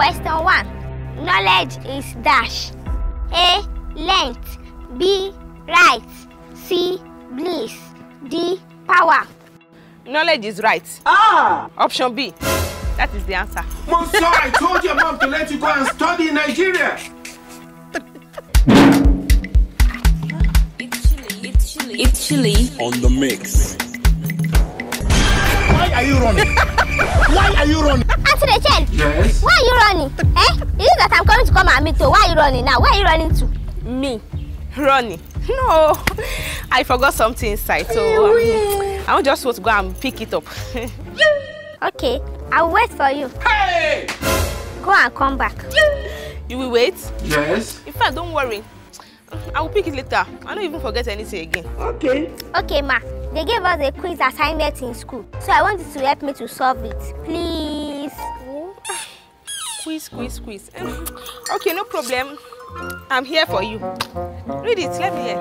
Question 1. Knowledge is dash. A. Length. B. Right. C. Bliss. D. Power. Knowledge is right. Ah! Option B. That is the answer. Monsieur, I told your mom to let you go and study in Nigeria. It's chilly, it's chilly, it's chilly. On the mix. Why are you running? Why are you running? today, Chen? Yes. Why are you running? Eh? Is It that I'm coming to come and meet you. Why are you running now? Where are you running to? Me? Running? No. I forgot something inside, so um, I just want to go and pick it up. okay, I'll wait for you. Hey! Go and come back. You will wait? Yes. In fact, don't worry. I will pick it later. I don't even forget anything again. Okay. Okay, ma. They gave us a quiz assignment in school, so I want you to help me to solve it. Please squeeze, squeeze, squeeze. Um, okay, no problem. I'm here for you. Read it, let me hear.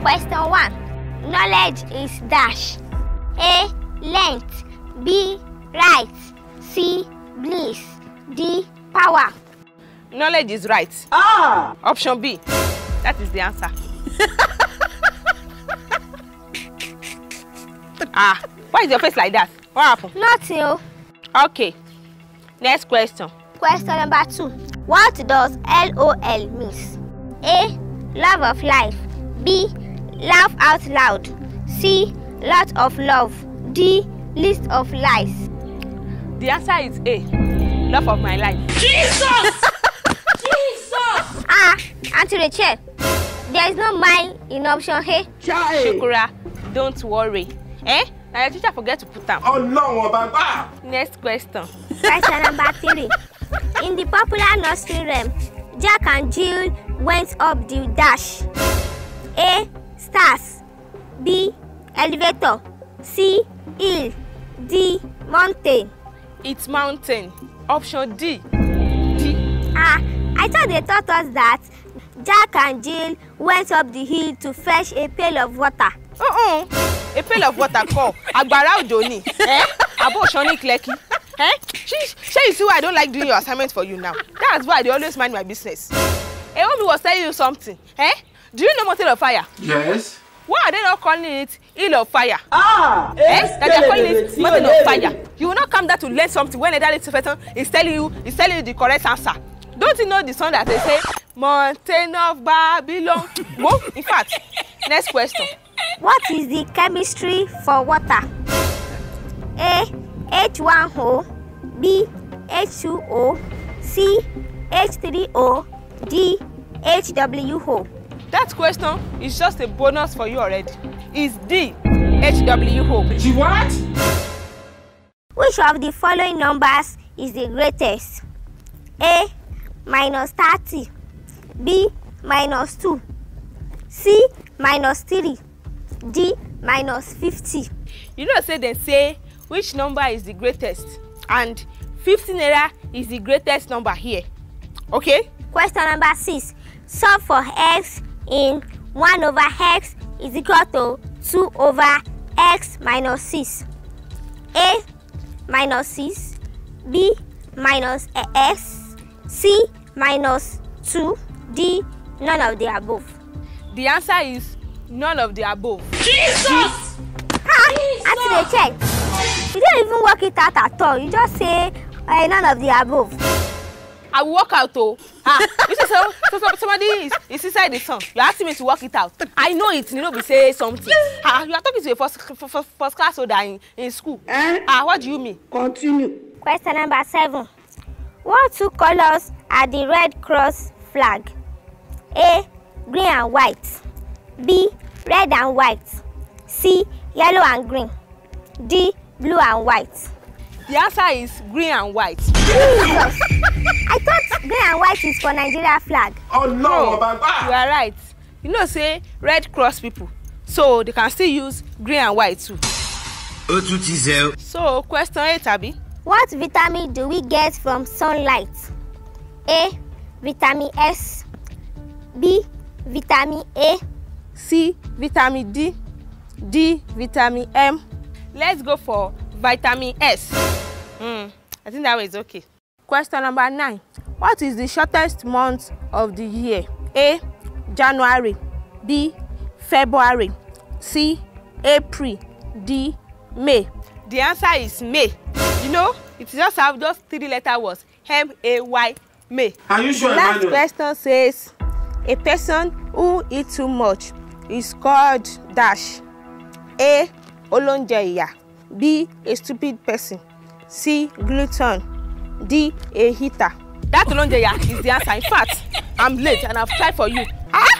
Question one. Knowledge is dash. A. Length. B. Right. C. Bliss. D. Power. Knowledge is right. Ah! Option B. That is the answer. ah, why is your face like that? What happened? Nothing. Oh. Okay, Next question. Question number two. What does LOL means? A. Love of life. B. Laugh out loud. C. Lot of love. D. List of lies. The answer is A. Love of my life. Jesus! Jesus! Ah, Auntie Rachel, there is no mine in option A. Chai. Shukura, don't worry. Eh? Na your teacher forget to put am. Oh no, Baba! Next question. Question number three. In the popular nursery rhyme, Jack and Jill went up the dash. A. Stars. B. Elevator. C. Hill. D. Mountain. It's mountain. Option D. D. Ah, I thought they taught us that Jack and Jill went up the hill to fetch a pail of water. Uh-uh. A pail of water kọ́, àgbàrá òjò ni. Eh? Àbó òṣọ́ ní Eh? She, she you see why I don't like doing your assignment for you now. That's why they always mind my business. Ewomi eh, was telling you something. Eh? Do you know Motel of Fire? Yes. Why are they not calling it Hill of Fire? Ah! Eh? That they are calling it Mountain of Fire. You will not come there to learn something when Elderly Tifeton is telling you is telling you the correct answer. Don't you know the song that they say, Mountain of Babylon? Whoa, in fact, next question. What is the chemistry for water? A. Eh? H1O, B H2O, C H3O, D HWO. That question is just a bonus for you already. It's D HWO. She what? Which of the following numbers is the greatest? A minus thirty, B minus two, C minus 3, D minus fifty. You know say they say which number is the greatest and 50 naira is the greatest number here okay. question number six solve for x in one over x is equal to two over x minus six. a minus six. b minus x c minus two. d none of the above. the answer is none of the above. jesus. ha ah, i too dey check. You don't even work it out at all. You just say "Hey, eh, none of the above. I will work out though. Ah, you say so, so, so somebody is, is inside the song. You asking me to work it out. I know it. You know, we say something. Ah, you are talking to a first, first, first class holder in, in school. Eh? Ah, what do you mean? Continue. Question number seven. What two colors are the Red Cross flag? A. Green and white. B. Red and white. C. Yellow and green. D blue and white? The answer is green and white. I thought green and white is for Nigeria flag. Oh no, Baba! you are right. You know say Red Cross people, so they can still use green and white too. So question eight abi. What vitamin do we get from sunlight? A. Vitamin S. B. Vitamin A. C. Vitamin D. D. Vitamin M. Let's go for vitamin S. Mm, I think that one is okay. Question number nine. What is the shortest month of the year? A. January. B. February. C. April. D. May. The answer is May. You know, it just have those three letter words. M-A-Y, May. Are you sure? Last question says, a person who eats too much is called dash. A olóúnjẹ ìyà b a stupid person c gluten d a heater. that olóúnjẹ ìyà is the answer in fact i'm late and i've tried for you. ah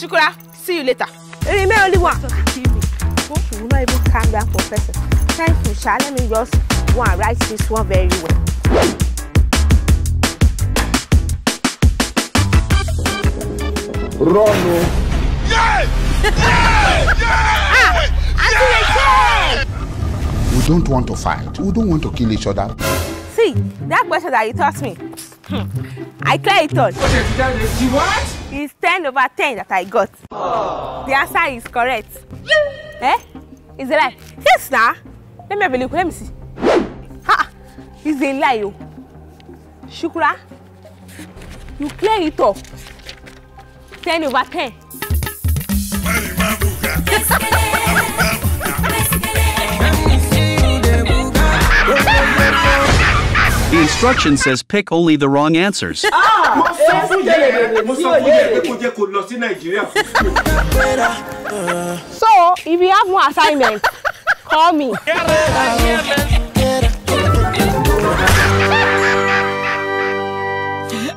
Shukura see you later. Remain only one. You will not even calm down for person. Thank you, Sha. Let me just go and write this one very well. Run o. Yeah! Yeah! Yeah! We don't want to fight. We don't want to kill each other. See, that question that you taught me, hmm, I clear it all. What? It's 10 over 10 that I got. Oh. The answer is correct. eh? Is a lie. Yes, now. Let me have a look. Let me see. Ha! It's a lie, yo. Oh. Shukura, you clear it all. 10 over 10. instruction says pick only the wrong answers. Ah, so, if you have more assignments, call me.